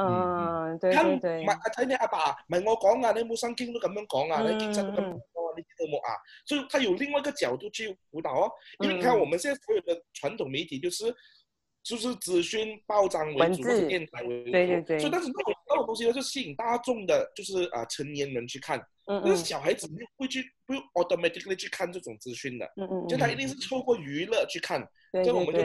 嗯，對，對，對。唔，睇你阿爸我啊，我講啊、嗯嗯嗯、啊，你冇新經都咁樣講啊，你經生都咁樣啊，你知道冇啊？所以佢由另外一個角度去舞蹈哦。因為你看，我們現在所有的傳統媒體就是，就是資訊報章為主，或者電台為主。對對對。所以，但是呢種呢種東西咧，就吸引大眾的，就是啊、呃、成年人去看。嗯，嗯。但係小孩子唔會去，唔會 automatically 去看這種資訊的。嗯嗯，嗯。佢一定是透過娛樂去看。對對對，對。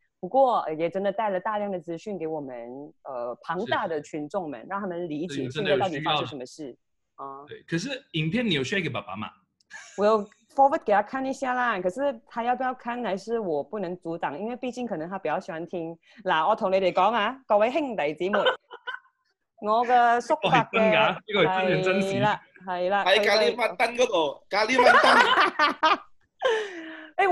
不過也真的帶了大量的資訊給我們，呃，龐大的群眾們，讓他們理解現在到底發生什麼事啊。對，可是影片你有 share 給爸爸嗎？我有 forward 給他看一下啦，可是他要不要看，還是我不能阻擋，因為畢竟可能他比較喜歡聽。嗱，我同你哋講啊， 各位兄弟姊妹， 我嘅叔伯真係啦，係啦，喺隔籬忽燈嗰度，隔籬